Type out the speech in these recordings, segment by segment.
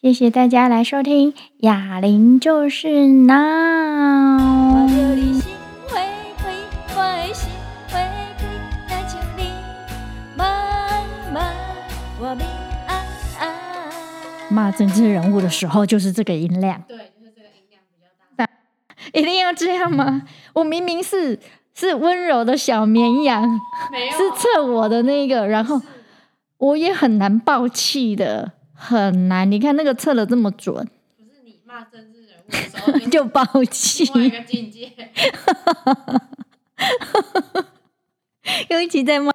謝謝大家來收聽《Yaling 就是 Now》。罵政治人物的時候就是這個音量，對，就是這個音量比較大。一定要這樣嗎？嗯、我明明是是溫柔的小綿羊，哦，是測我的那個，然後我也很難爆氣的。很難，你看那個測的這麼準，不是你罵政治人物 你就抱氣，另一個境界，又 一起在罵，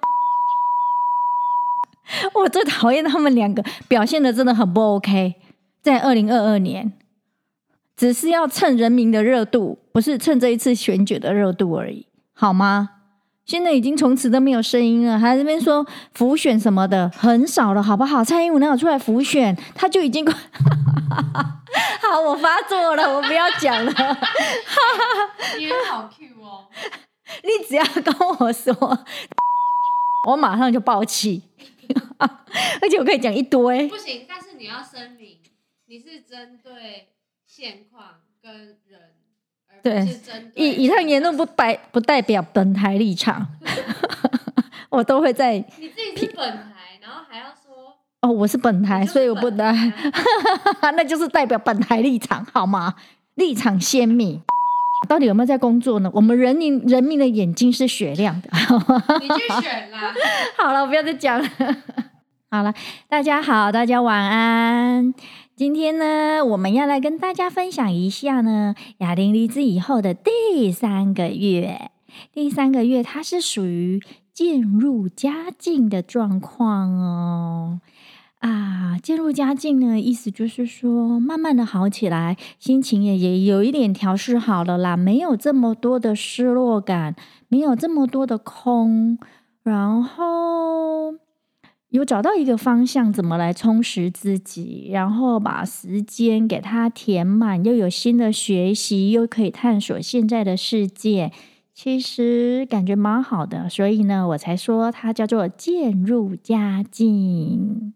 我最討厭他們兩個表現的真的很不 OK，在二零二二年，只是要趁人民的熱度，不是趁這一次選舉的熱度而已，好嗎？現在已經從此都沒有聲音了，還在這邊說輔選什麼的很少了，好不好？蔡英文哪有出來輔選？他就已經快， 好，我發作了， 我不要講了。 你很好 Q 哦，你只要跟我說，我馬上就爆氣。 而且我可以講一堆。不行，但是你要聲明，你是針對現況跟人。對，的以的以他言論不代不代表本台立場， 我都會在。你自己是本台，然後還要說哦，我是本，是本台，所以我不能，啊、 那就是代表本台立場，好嗎？立場鮮明，到底有沒有在工作呢？我們人民人民的眼睛是雪亮的。 你去選啦！ 好了，我不要再講了。 好了，大家好，大家晚安。今天呢，我們要來跟大家分享一下呢，雅玲離職以後的第三個月。第三個月，它是屬於漸入佳境的狀況哦。啊，漸入佳境呢，意思就是說，慢慢的好起來，心情也也有一點調適好了啦，沒有這麼多的失落感，沒有這麼多的空，然後。有找到一個方向，怎麼來充實自己，然後把時間給它填滿，又有新的學習，又可以探索現在的世界，其實感覺蠻好的。所以呢，我才說它叫做漸入佳境。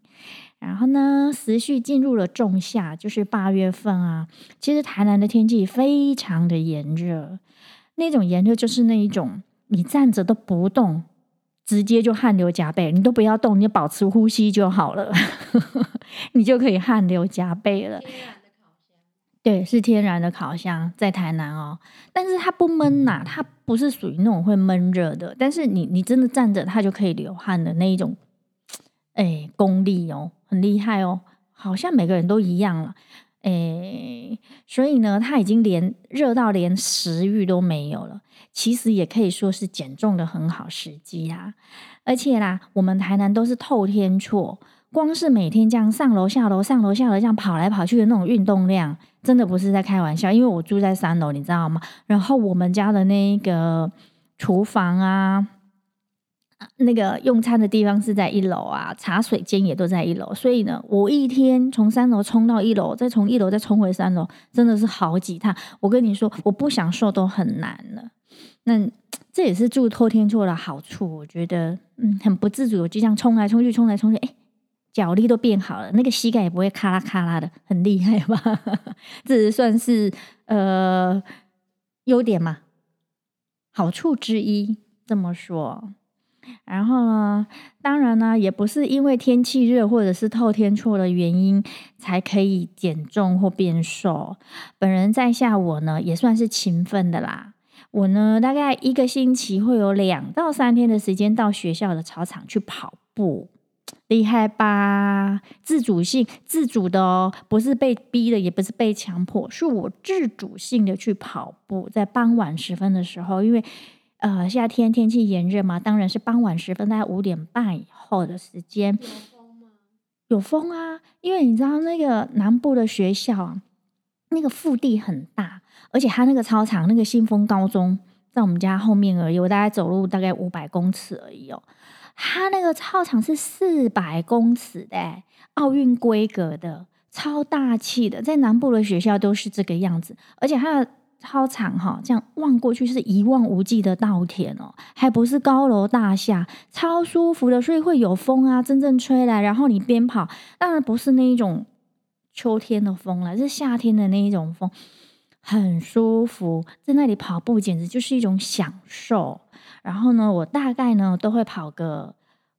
然後呢，時序進入了仲夏，就是八月份啊。其實台南的天氣非常的炎熱，那種炎熱就是那一種，你站着都不動。直接就汗流浹背，你都不要動，你就保持呼吸就好了， 你就可以汗流浹背了。天然的烤箱，對，是天然的烤箱，在台南哦。但是它不悶吶、啊，它不是屬於那種會悶熱的。但是你你真的站着，它就可以流汗的那一種，哎，功力哦，很厲害哦，好像每個人都一樣了、啊。誒、欸、所以呢，他已經連熱到連食慾都沒有了。其實也可以說是減重的很好時機啦、啊。而且啦，我們台南都是透天厝，光是每天這樣上樓下樓上樓下樓這樣跑來跑去的那種運動量，真的不是在開玩笑。因為我住在三樓，你知道嗎？然後我們家的那個廚房啊。那個用餐的地方是在一樓啊，茶水間也都在一樓，所以呢，我一天從三樓衝到一樓，再從一樓再衝回三樓，真的是好幾趟。我跟你說，我不想瘦都很難了。那這也是住透天厝的好處，我覺得，嗯，很不自主，就像衝，衝，衝，衝，衝來衝去，衝來衝去，哎，腳力都變好了，那個膝蓋也不會咔啦咔啦的，很厲害吧？ 這算是呃優點嘛？好處之一，這麼說。然後呢，當然呢，也不是因為天氣熱或者是透天厝的原因才可以減重或變瘦。本人在下我呢也算是勤奮的啦。我呢大概一個星期會有兩到三天的時間到學校的操場去跑步，厲害吧？自主性、自主的哦，不是被逼的，也不是被強迫，是我自主性的去跑步。在傍晚時分的時候，因為呃，夏天天氣炎熱嘛，當然是傍晚時分，大概五點半以後的時間。有風嗎？有風啊，因為你知道那個南部的學校那個腹地很大，而且他那個操場，那個新豐高中在我們家後面而已，我大概走路大概五百公尺而已哦。他那個操場是四百公尺的奧運規格的，超大氣的，在南部的學校都是這個樣子，而且他的。超長哈，這樣望過去是一望無際的稻田哦，還不是高樓大廈，超舒服的，所以會有風啊，陣陣吹來，然後你邊跑，當然不是那一種秋天的風了，是夏天的那一種風，很舒服，在那裡跑步簡直就是一種享受。然後呢，我大概呢都會跑個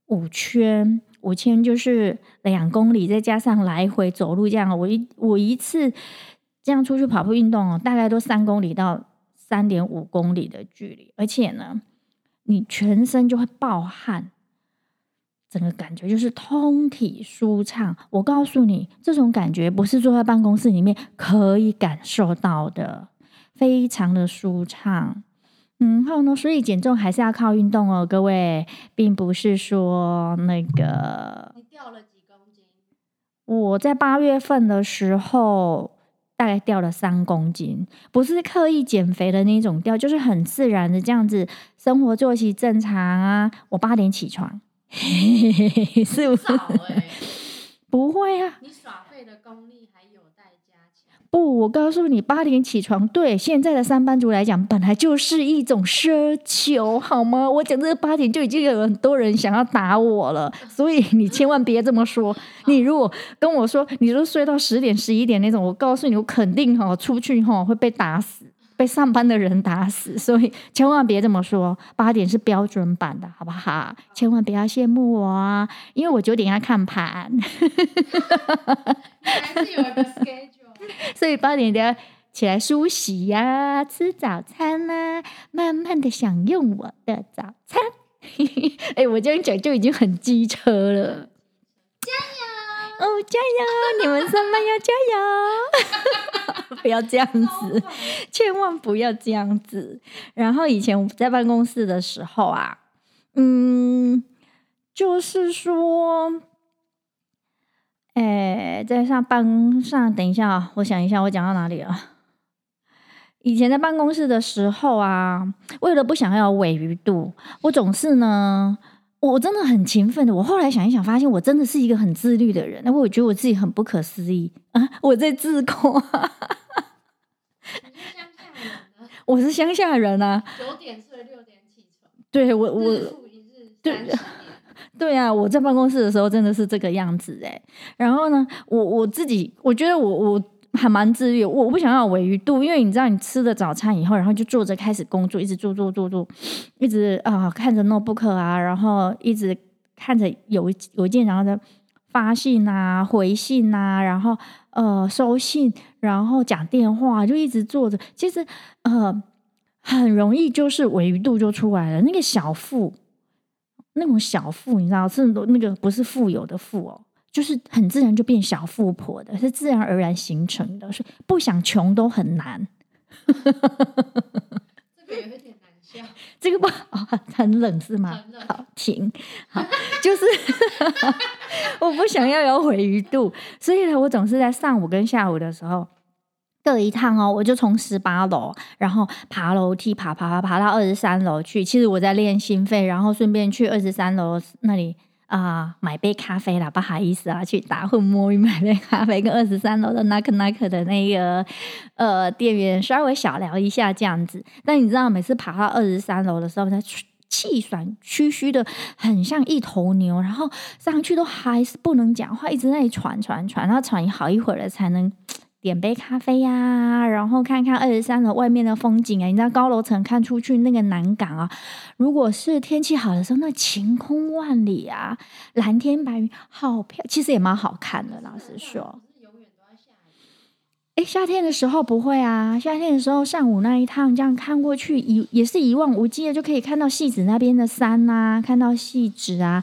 五圈，五圈就是兩公里，再加上來回走路，這樣我一我一次。這樣出去跑步運動哦，大概都三公里到三點五公里的距離，而且呢，你全身就會爆汗，整個感覺就是通體舒暢。我告訴你，這種感覺不是坐在辦公室裡面可以感受到的，非常的舒暢。嗯，然後呢，所以減重還是要靠運動哦，各位，並不是說那個你掉了幾公斤？我在八月份的時候。大概掉了三公斤，不是刻意減肥的那種掉，就是很自然的這樣子，生活作息正常啊。我八點起床，是 不是、欸？不會啊。你耍廢的功力不，我告訴你，八點起床，對現在的上班族來講，本來就是一種奢求，好嗎？我講這個八點就已經有很多人想要打我了，所以你千萬別這麼說。 你如果跟我說你都睡到十點、十一點那種，我告訴你，我肯定哈出去哈會被打死，被上班的人打死，所以千萬別這麼說。八點是標準版的，好不好？ 千萬不要羨慕我啊，因為我九點要看盤。哈哈哈哈哈，還是有一個 schedule。所以八點就要起來梳洗呀、啊，吃早餐啦、啊，慢慢的享用我的早餐。哎、 欸，我這樣講就已經很機車了，加油哦，oh, 加油！你們上班要加油， 不要這樣子， 千萬不要這樣子。然後以前我們在辦公室的時候啊，嗯，就是說。哎、欸，在上班上，等一下啊，我想一下，我講到哪裡了？以前在辦公室的時候啊，為了不想要鮪魚肚，我總是呢，我真的很勤奮的。我後來想一想，發現我真的是一個很自律的人。那我覺得我自己很不可思議啊，我在自控。 你是鄉下人嗎？我是鄉下人啊。九點睡，六點起床。對我，我對，對對啊，我在辦公室的時候真的是這個樣子哎。然後呢，我我自己我覺得我我還蠻自律，我不想要有鮪魚肚，因為你知道，你吃了早餐以後，然後就坐着開始工作，一直坐坐坐坐，一直啊、呃、看着 notebook 啊，然後一直看着有郵件，然後在發信啊、回信啊，然後呃收信，然後講電話，就一直坐著，其實呃很容易就是鮪魚肚就出來了，那個小腹。那種小富，你知道，是那個不是富有的富哦、喔，就是很自然就變小富婆的，是自然而然形成的，是不想窮都很難。這個有點難笑，這個不好、哦，很冷是嗎？很冷？好，停。好，就是 我不想要有鮪魚肚，所以呢，我總是在上午跟下午的時候。各一趟哦，我就從十八樓，然後爬樓梯爬爬爬爬，爬到二十三樓去。其實我在練心肺，然後順便去二十三樓那裡啊、呃、買杯咖啡啦。不好意思啊，去打混摸魚買杯咖啡，跟二十三樓的那 o 那 k 的那個呃店員稍微小聊一下這樣子。但你知道，每次爬到二十三樓的時候，他氣喘吁吁的，很像一頭牛，然後上去都還是不能講話，一直在喘喘喘，然後喘，喘，喘，喘好一會兒了才能。點杯咖啡呀、啊，然後看看二十三樓外面的風景啊！你知道高樓層看出去那個南港啊，如果是天氣好的時候，那晴空萬里啊，藍天白雲，好漂，其實也蠻好看的。老實說，夏天其實永遠都要下雨。誒夏天的時候不會啊，夏天的時候上午那一趟，這樣看過去一也是一望無際的，就可以看到汐止那邊的山吶、啊，看到汐止啊。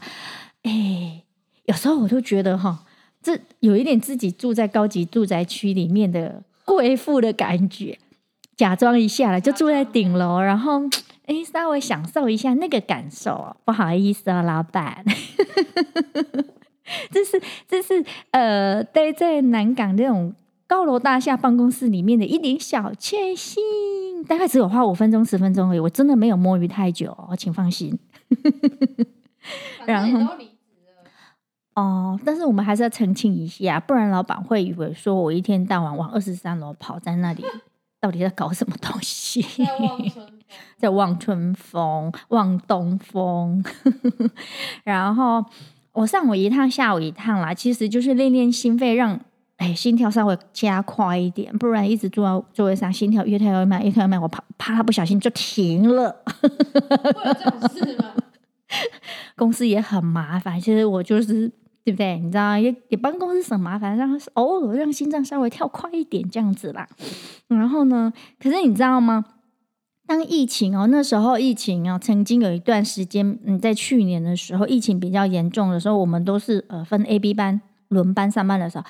哎，有時候我就覺得哈。是有一點自己住在高級住宅區裡面的貴婦的感覺，假裝一下了，就住在頂樓，然後哎，稍微享受一下那個感受。不好意思啊，老闆， 這是這是呃，待在南港這種高樓大廈辦公室裡面的一點小確幸，大概只有花五分鐘十分鐘而已，我真的沒有摸魚太久、哦，我請放心。 然後。哦，但是我們還是要澄清一下，不然老闆會以為說我一天到晚往二十三樓跑，在那裡到底在搞什麼東西，在望春風，望，春風望東風。 然後我上午一趟，下午一趟啦，其實就是練練心肺讓，讓哎心跳稍微加快一點，不然一直坐在座位上，心跳越跳越慢，越跳越，越慢，我怕怕他不小心就停了。 會有這種事嗎？公司也很麻煩，其實我就是。對不對？你知道，也也幫公司省麻煩，讓他偶爾讓心臟稍微跳快一點這樣子啦。然後呢，可是你知道嗎？當疫情哦，那時候疫情啊，曾經有一段時間，嗯，在去年的時候，疫情比較嚴重的時候，我們都是呃分 A、B 班輪班上班的時候，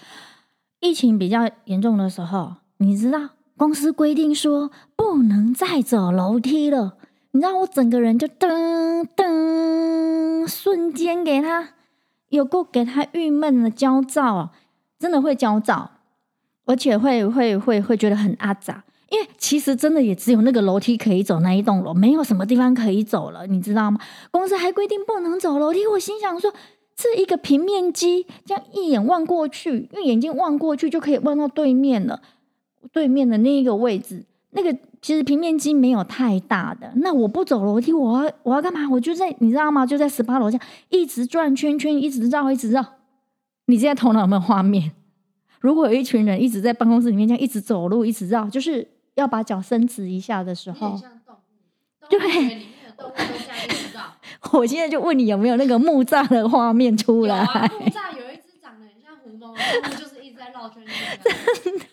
疫情比較嚴重的時候，你知道，公司規定說不能再走樓梯了。你知道，我整個人就噔噔，瞬間給他。有夠給他鬱悶的焦躁啊，真的會焦躁，而且會會會會覺得很阿雜，因為其實真的也只有那個樓梯可以走那一棟樓，沒有什麼地方可以走了，你知道嗎？公司還規定不能走樓梯，我心想說，是一個平面機，這樣一眼望過去，用眼睛望過去就可以望到對面了，對面的那一個位置，那個。其實平面積沒有太大的，那我不走樓梯，我要我要幹嘛？我就在你知道嗎？就在十八樓下一直轉圈圈，一直繞，一直繞。你現在頭腦有沒有畫面？如果有一群人一直在辦公室裡面這樣一直走路，一直繞，就是要把腳伸直一下的時候，像動物，動物，動物，對， 我現在就問你有沒有那個木柵的畫面出來？啊、木柵有一隻長得很像狐狸，就是一直在繞圈圈、啊。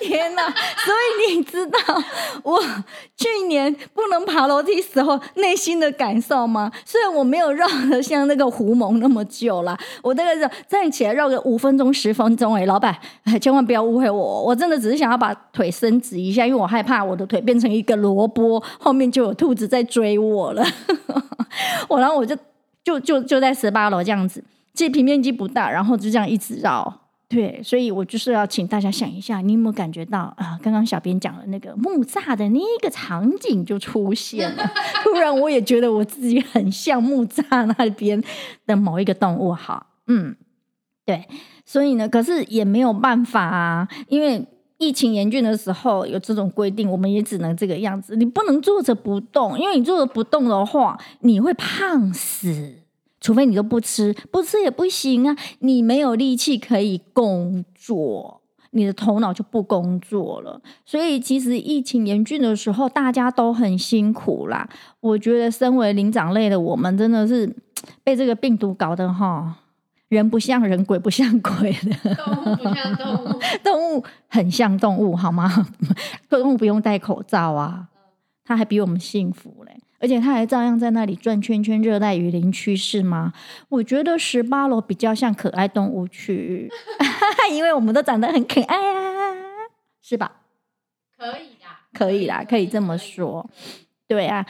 天哪！所以你知道我去年不能爬樓梯時候內心的感受嗎？雖然我沒有繞得像那個狐獴那麼久了，我那個時候站起來繞個五分鐘十分鐘。哎，老闆，千萬不要誤會我，我真的只是想要把腿伸直一下，因為我害怕我的腿變成一個蘿蔔，後面就有兔子在追我了。我然後我就就就就，就在十八樓這樣子，地坪面積不大，然後就這樣一直繞。對，所以我就是要請大家想一下，你有沒有感覺到啊、呃？剛剛小編講的那個木柵的那一個場景就出現了，突然我也覺得我自己很像木柵那邊的某一個動物。好，嗯，對，所以呢，可是也沒有辦法，啊，因為疫情嚴峻的時候有這種規定，我們也只能這個樣子。你不能坐着不動，因為你坐着不動的話，你會胖死。除非你都不吃，不吃也不行啊！你沒有力氣可以工作，你的頭腦就不工作了。所以，其實疫情嚴峻的時候，大家都很辛苦啦。我覺得，身為靈長類的我們，真的是被這個病毒搞得哈，人不像人，鬼不像鬼的。動物不像動物， 動物很像動物，好嗎？動物不用戴口罩啊，它還比我們幸福嘞。而且他還照樣在那裡轉圈圈，熱帶雨林區是嗎？我覺得十八樓比較像可愛動物區， 因為我們都長得很可愛呀、啊，是吧？可以的，可以啦可以，可以這麼說。對啊，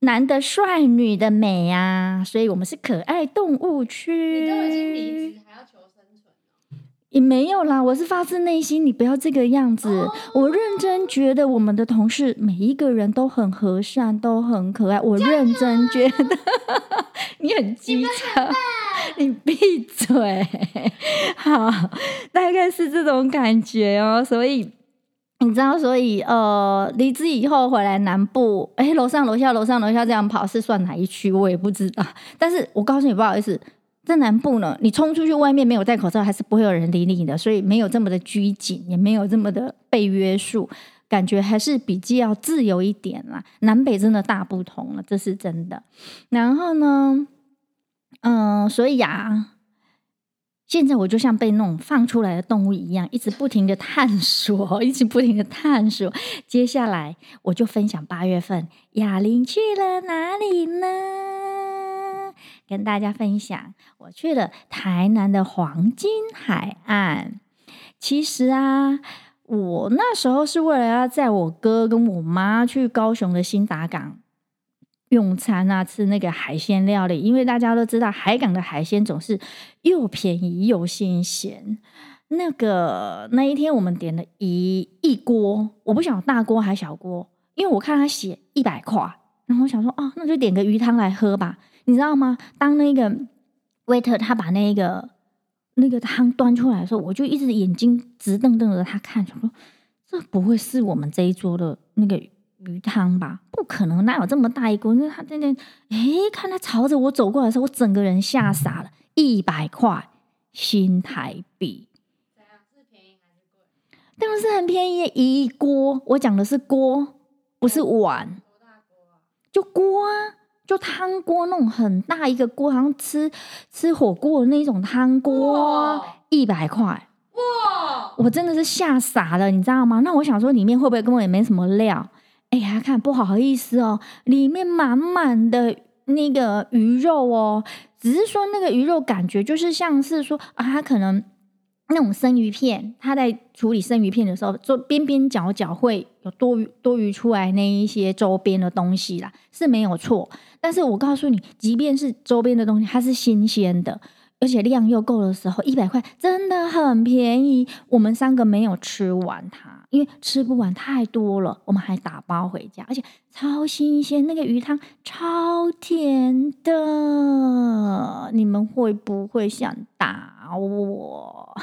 男的帥，女的美啊，所以我們是可愛動物區。你沒有啦，我是發自內心，你不要這個樣子。Oh、我認真覺得我們的同事每一個人都很和善，都很可愛。我認真覺得 你很機車，你閉嘴。好，大概是這種感覺哦。所以你知道，所以呃，離職以後回來南部，哎、欸，樓上樓下，樓上樓下這樣跑是算哪一區？我也不知道。但是我告訴你，不好意思。在南部呢，你衝出去外面沒有戴口罩，還是不會有人理你的，所以沒有這麼的拘謹，也沒有這麼的被約束，感覺還是比較自由一點啦。南北真的大不同了，這是真的。然後呢，嗯、呃，所以呀。現在我就像被那種放出來的動物一樣，一直不停的探索，一直不停的探索。接下來我就分享八月份 Yaling 去了哪裡呢？跟大家分享，我去了台南的黃金海岸。其實啊，我那時候是為了要載我哥跟我媽去高雄的興達港用餐啊，吃那個海鮮料理。因為大家都知道，海港的海鮮總是又便宜又新鮮。那個那一天，我們點了一一鍋，我不曉得大鍋還是小鍋，因為我看他寫一百塊，然後我想說，啊、哦，那就點個魚湯來喝吧。你知道嗎？當那個 waiter 他把那個那個湯端出來的時候，我就一直眼睛直瞪瞪的他看，想說這不會是我們這一桌的那個魚湯吧？不可能，哪有這麼大一鍋？那他真的，誒，看他朝着我走過來的時候，我整個人嚇傻了。一百塊新台幣，對啊，是便宜還是貴？但是當然是很便宜，一鍋。我講的是鍋，不是碗。多大鍋啊、就鍋啊。就湯鍋那種很大一個鍋，好像吃吃火鍋的那種湯鍋，一百塊。哇！我真的是嚇傻了，你知道嗎？那我想說裡面會不會根本也沒什麼料？哎呀，看不好意思哦，裡面滿滿的那個魚肉哦，只是說那個魚肉感覺就是像是說啊，它可能。那種生魚片，他在處理生魚片的時候，做邊邊角角會有多餘多餘出來那一些周邊的東西啦，是沒有錯。但是我告訴你，即便是周邊的東西，它是新鮮的，而且量又夠的時候，一百塊真的很便宜。我們三個沒有吃完它，因為吃不完太多了，我們還打包回家，而且超新鮮，那個魚湯超甜的。你們會不會想打？打我！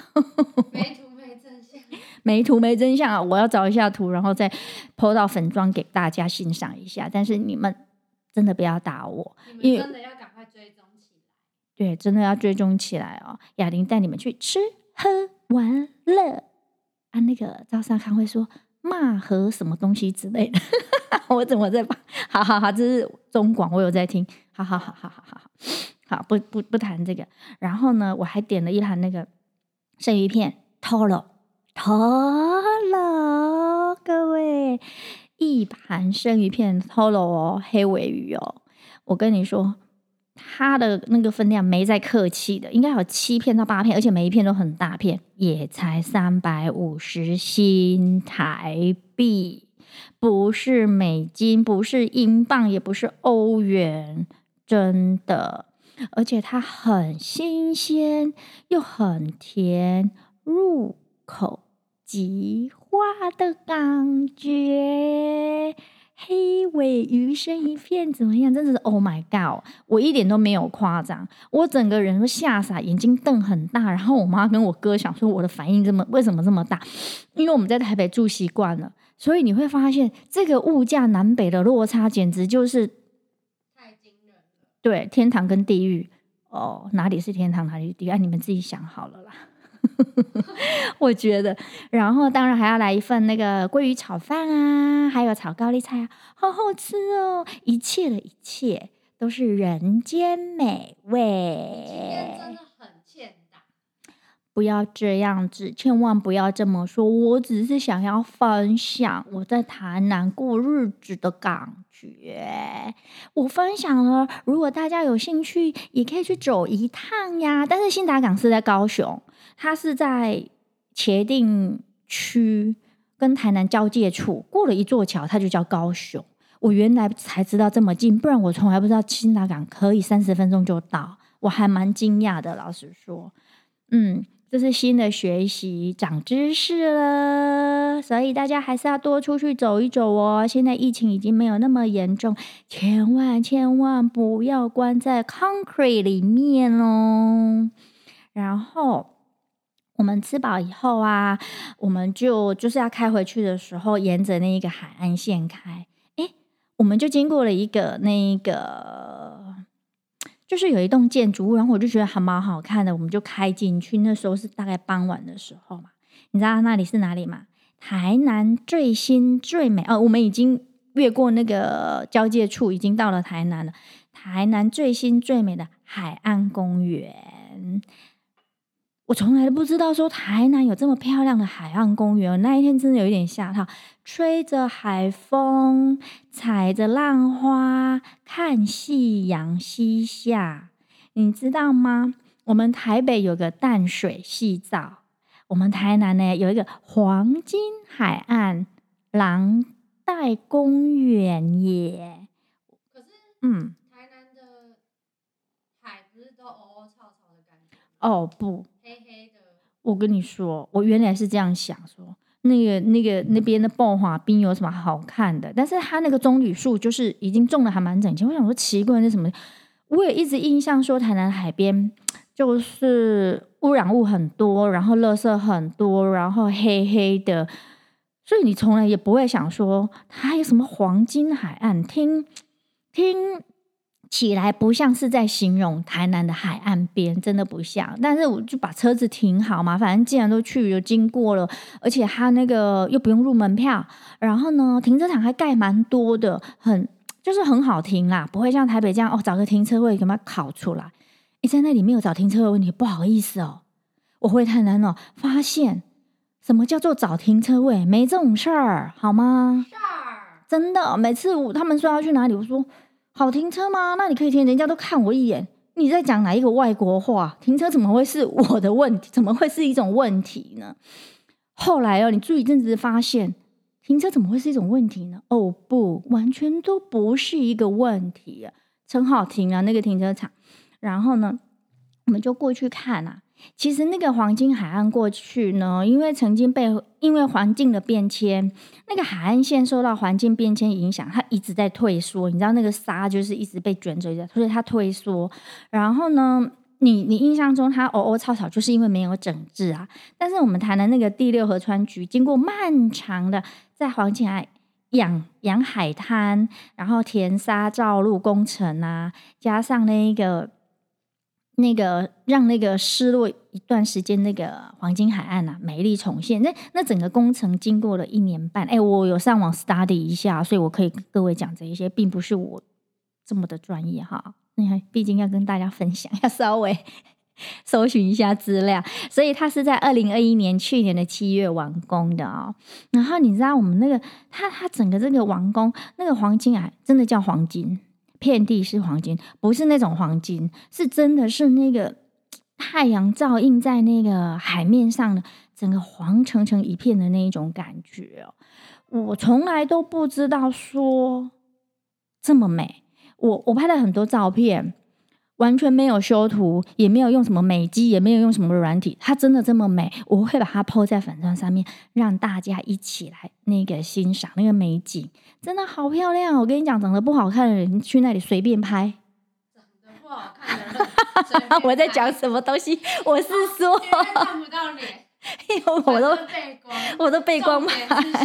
沒圖沒真相， 沒圖沒真相啊！我要找一下圖，然後再 PO 到粉妝給大家欣賞一下。但是你們真的不要打我，因為你們真的要趕快追蹤起來。對，真的要追蹤起來哦！亞玲帶你們去吃喝玩樂啊！那個趙少康會說罵和什麼東西之類的， 我怎麼在罵？好好好，這是中廣，我有在聽。好好好好好好。不不不談這個，然後呢，我還點了一盤那個生魚片，Toro Toro，各位，一盤生魚片 Toro 哦，黑鮪魚哦，我跟你說，它的那個分量沒在客氣的，應該有七片到八片，而且每一片都很大片，也才三百五十新台幣，不是美金，不是英鎊，也不是歐元，真的。而且它很新鮮，又很甜，入口即化的感覺。黑鮪魚生一片，怎麼樣？真的是 Oh my God！我一點都沒有誇張，我整個人都嚇傻，眼睛瞪很大。然後我媽跟我哥想說，我的反應這麼為什麼這麼大？因為我們在台北住習慣了，所以你會發現這個物價南北的落差，簡直就是。對，天堂跟地獄，哦，哪裡是天堂，哪裡地獄？啊，你們自己想好了啦。 我覺得，然後當然還要來一份那個鮭魚炒飯啊，還有炒高麗菜啊，好好吃哦。一切的一切都是人間美味。不要這樣子，千萬不要這麼說。我只是想要分享我在台南過日子的感覺。我分享了，如果大家有興趣，也可以去走一趟呀。但是興達港是在高雄，它是在茄萣區跟台南交界處，過了一座橋，它就叫高雄。我原來才知道這麼近，不然我從來不知道興達港可以三十分鐘就到，我還蠻驚訝的。老實說，嗯。就是新的學習，長知識了，所以大家還是要多出去走一走哦。現在疫情已經沒有那麼嚴重，千萬千萬不要關在 concrete 裡面哦。然後我們吃飽以後啊，我們就就是要開回去的時候，沿着那一個海岸線開。誒，我們就經過了一個那一個。就是有一棟建築物，然後我就覺得還蠻好看的，我們就開進去。那時候是大概傍晚的時候嘛，你知道那裡是哪裡嗎？台南最新最美哦，我們已經越過那個交界處，已經到了台南了。台南最新最美的海岸公園。我從來都不知道說台南有這麼漂亮的海岸公園，我那一天真的有一點嚇到，吹着海風，踩着浪花，看夕陽西下。你知道嗎？我們台北有個淡水夕照，我們台南呢有一個黃金海岸藍帶公園耶。可是，嗯，台南的海不是都哦哦，臭臭的感覺？哦、嗯 oh, 不。我跟你說，我原來是這樣想說，說那個那個那邊的爆華冰有什麼好看的？但是它那個棕櫚樹就是已經種的還蠻整齊。我想說奇怪那什麼？我也一直印象說台南海邊就是污染物很多，然後垃圾很多，然後黑黑的，所以你從來也不會想說它還有什麼黃金海岸。聽聽起來不像是在形容台南的海岸邊，真的不像。但是我就把車子停好嘛，反正既然都去就經過了，而且它那個又不用入門票。然後呢，停車場還蓋蠻多的，很就是很好停啦，不會像台北這樣哦，找個停車位給它烤出來。你在那裡沒有找停車位問題，不好意思哦，我回台南了哦，發現什麼叫做找停車位，沒這種事兒，好嗎？事兒真的，每次我他們說要去哪裡，我說。好停車嗎？那你可以停，人家都看我一眼。你在講哪一個外國話？停車怎麼會是我的問題？怎麼會是一種問題呢？後來哦，你住一陣子發現，停車怎麼會是一種問題呢？哦不，完全都不是一個問題，啊，真好停啊那個停車場。然後呢，我們就過去看啊。其實那個黃金海岸過去呢，因為曾經被因為環境的變遷，那個海岸線受到環境變遷影響，它一直在退縮。你知道那個沙就是一直被捲走的，所以它退縮。然後呢，你你印象中它偶哦超草就是因為沒有整治啊。但是我們談的那個第六河川局，經過漫長的在黃金海養養海灘，然後填沙造陸工程啊，加上那一個。那個讓那個失落一段時間那個黃金海岸啊，美麗重現。那那整個工程經過了一年半，哎，我有上網 study 一下，所以我可以跟各位講這一些，並不是我這麼的專業哈。你看，畢竟要跟大家分享，要稍微搜尋一下資料，所以它是在二零二一年去年的七月完工的哦。然後你知道我們那個，它它整個這個完工，那個黃金啊，真的叫黃金。遍地是黃金，不是那種黃金，是真的是那個太陽照映在那個海面上的整個黃澄澄一片的那種感覺。我從來都不知道說這麼美，我我拍了很多照片。完全沒有修圖，也沒有用什麼美肌，也沒有用什麼軟體，它真的這麼美。我會把它拋在粉專上面，讓大家一起來那個欣賞那個美景，真的好漂亮。我跟你講，長得不好看的人去那裡隨便拍，長得不好看的人， 我在講什麼東西？我是說、啊、看不到臉， 都被 我都背光，我都背光拍。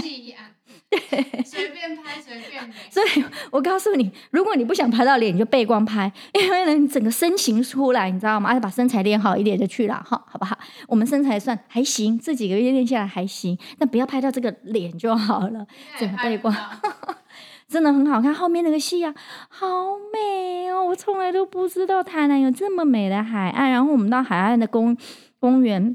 告訴你，如果你不想拍到臉，你就背光拍，因為你整個身形出來，你知道嗎？而且啊，把身材練好一點就去了哈，好不好？我們身材算還行，這幾個月練下來還行，但不要拍到這個臉就好了，整個背光呵呵，真的很好看。後面那個夕陽好美哦，我從來都不知道台南有這麼美的海岸。然後我們到海岸的公公園。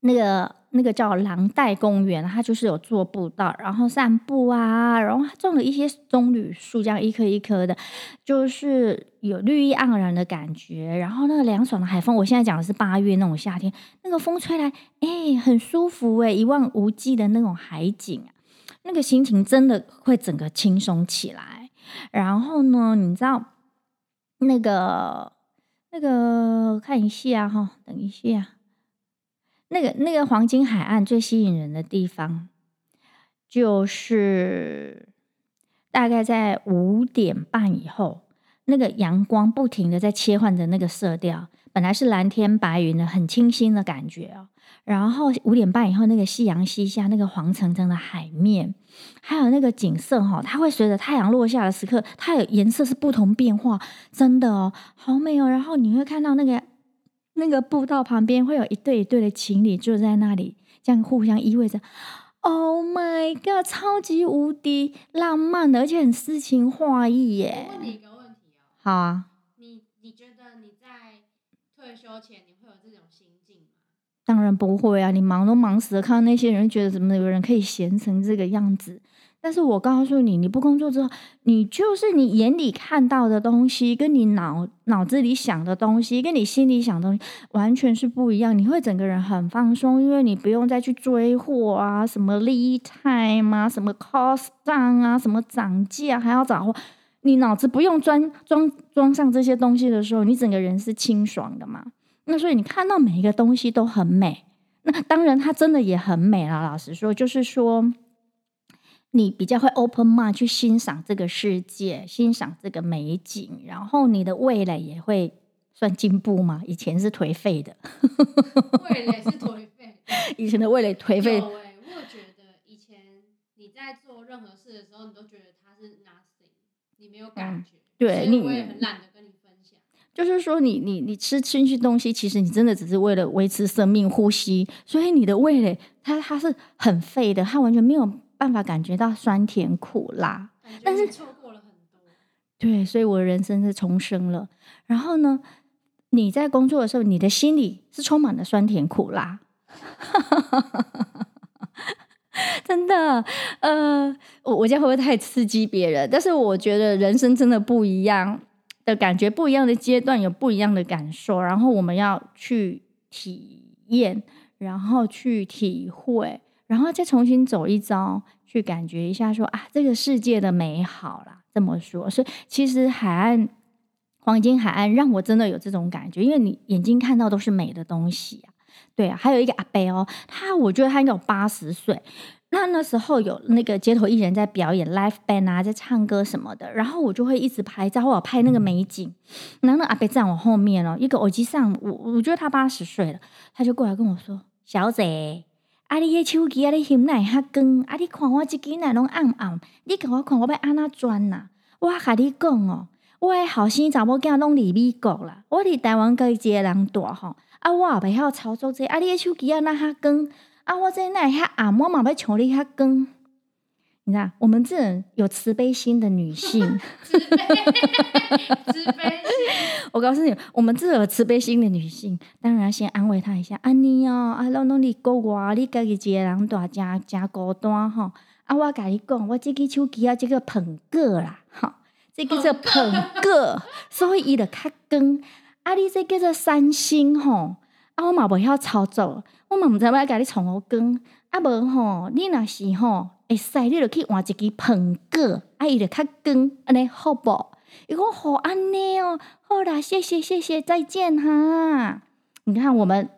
那個那個叫廊帶公園，它就是有做步道，然後散步啊，然後它種了一些棕櫚樹，這樣一棵一棵的，就是有綠意盎然的感覺。然後那個涼爽的海風，我現在講的是八月那種夏天，那個風吹來，哎，很舒服誒，一望無際的那種海景啊，那個心情真的會整個輕鬆起來。然後呢，你知道那個那個看一下哈，等一下。那個那個黃金海岸最吸引人的地方，就是大概在五點半以後，那個陽光不停的在切換着那個色調，本來是藍天白雲的，很清新的感覺哦。然後五點半以後，那個夕陽西下，那個黃澄澄的海面，還有那個景色哈，它會隨着太陽落下的時刻，它有顏色是不同變化，真的哦，好美哦。然後你會看到那個。那個步道旁邊會有一對一對的情侶坐在那裡，這樣互相依偎着。Oh my god，超級無敵浪漫的，而且很詩情畫意耶。我問你一個問題哦。好啊。你你覺得你在退休前你會有這種心境嗎？當然不會啊，你忙都忙死了，看到那些人覺得怎麼有人可以閒成這個樣子。但是我告訴你，你不工作之後，你就是你眼裡看到的東西，跟你腦腦子裡想的東西，跟你心裡想的東西完全是不一樣。你會整個人很放鬆，因為你不用再去追貨啊，什麼 lead time 啊，什麼 cost down 啊，什麼漲價啊，還要找貨，你腦子不用裝裝裝上這些東西的時候，你整個人是清爽的嘛。那所以你看到每一個東西都很美，那當然它真的也很美了。老實說，就是說。你比較會 open mind 去欣賞這個世界，欣賞這個美景，然後你的味蕾也會算進步嗎？以前是頹廢的，味 蕾是頹廢的，以前的味蕾頹廢的、欸。我覺得以前你在做任何事的時候，你都覺得它是 nothing，你沒有感覺。嗯、對你，會很懶得跟你分享。就是說你，你你你吃進去東西，其實你真的只是為了維持生命呼吸，所以你的味蕾，它它是很廢的，它完全沒有。辦法感覺到酸甜苦辣，但是錯過了很多，對，所以我人生是重生了。然後呢，你在工作的時候，你的心裡是充滿了酸甜苦辣， 真的。呃，我這樣會不會太刺激別人？但是我覺得人生真的不一樣的感覺，不一樣的階段有不一樣的感受，然後我們要去體驗，然後去體會。然後再重新走一遭，去感覺一下說，說啊，這個世界的美好啦。這麼說，所以其實海岸，黃金海岸讓我真的有這種感覺，因為你眼睛看到都是美的東西啊。對啊，還有一個阿伯哦，他我覺得他應該有八十歲。那那時候有那個街頭藝人，在表演 live band 啊，在唱歌什麼的，然後我就會一直拍照，或者拍那個美景。那那阿伯站我後面哦，一個耳機上，我我覺得他八十歲了，他就過來跟我說，小姐」。啊！你個手機啊，你翕哪會較光，啊！你看我即機內攏暗暗，你給我看我、啊，我要安怎轉吶？我甲你講哦，我個後生查某囝攏佇美國啦。我佇台灣一個人住吼，啊！我也袂曉操作者、這個，啊！你個手機啊，哪那較光，啊！我只哪會較暗，我嘛不瞧你較光。你看，我們這有慈悲心的女性， 我告訴你，我們這有慈悲心的女性，當然先安慰她一下。安、啊、妮哦，啊，攏攏佇國外，你家己一個人住，家，真孤單吼。啊，我跟你講，我這支手機啊，這個捧個啦，吼，這叫做捧個， 所以伊就較光啊，你這叫做三星吼。啊，我嘛袂曉操作，我嘛毋知我要甲你創何光。啊不哈，你若是哈，會使你就去以換一支朋個，哎伊的較剛，安尼好不好？伊個好安尼哦，好啦，謝謝謝謝，再見哈。你看我們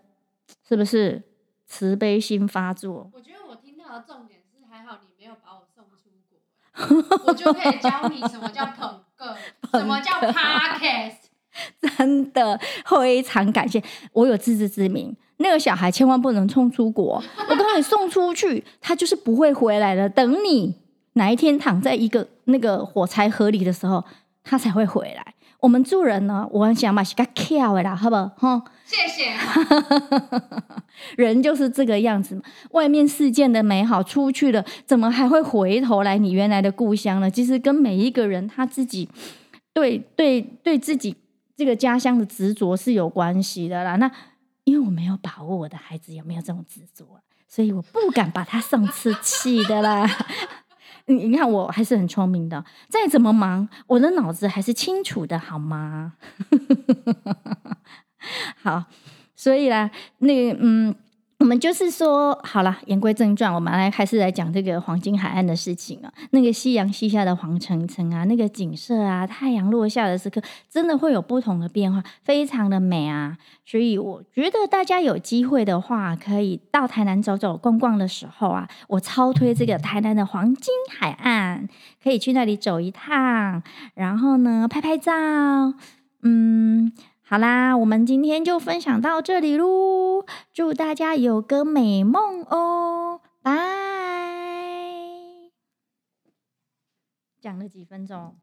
是不是慈悲心發作？我覺得我聽到的重點是還好，你沒有把我送出國，我就可以教你什麼叫朋個， 什麼叫 Podcast。 真的非常感謝，我有自知之明。那個小孩千萬不能衝出國，我給你送出去， 他就是不會回來的。等你哪一天躺在一個那個火柴盒裡的時候，他才會回來。我們做人呢，我很想把膝蓋翹回來，好不好？哈，謝謝。 人就是這個樣子。外面世界的美好，出去了，怎麼還會回頭來你原來的故鄉呢？其實跟每一個人他自己對對對自己這個家鄉的執着是有關係的啦。那。因為我沒有把握我的孩子有沒有這種執着，所以我不敢把他上次氣的啦。你 你看，我還是很聰明的，再怎麼忙，我的腦子還是清楚的，好嗎？ 好，所以啦，那個、嗯。我們就是說好了，言歸正傳，我們來開始來講這個黃金海岸的事情啊。那個夕陽西下的黃澄澄啊，那個景色啊，太陽落下的時刻，真的會有不同的變化，非常的美啊。所以我覺得大家有機會的話，可以到台南走走逛逛的時候啊，我超推這個台南的黃金海岸，可以去那裡走一趟，然後呢，拍拍照，嗯。好啦，我們今天就分享到這裡嘍，祝大家有個美夢哦，拜。講了幾分鐘。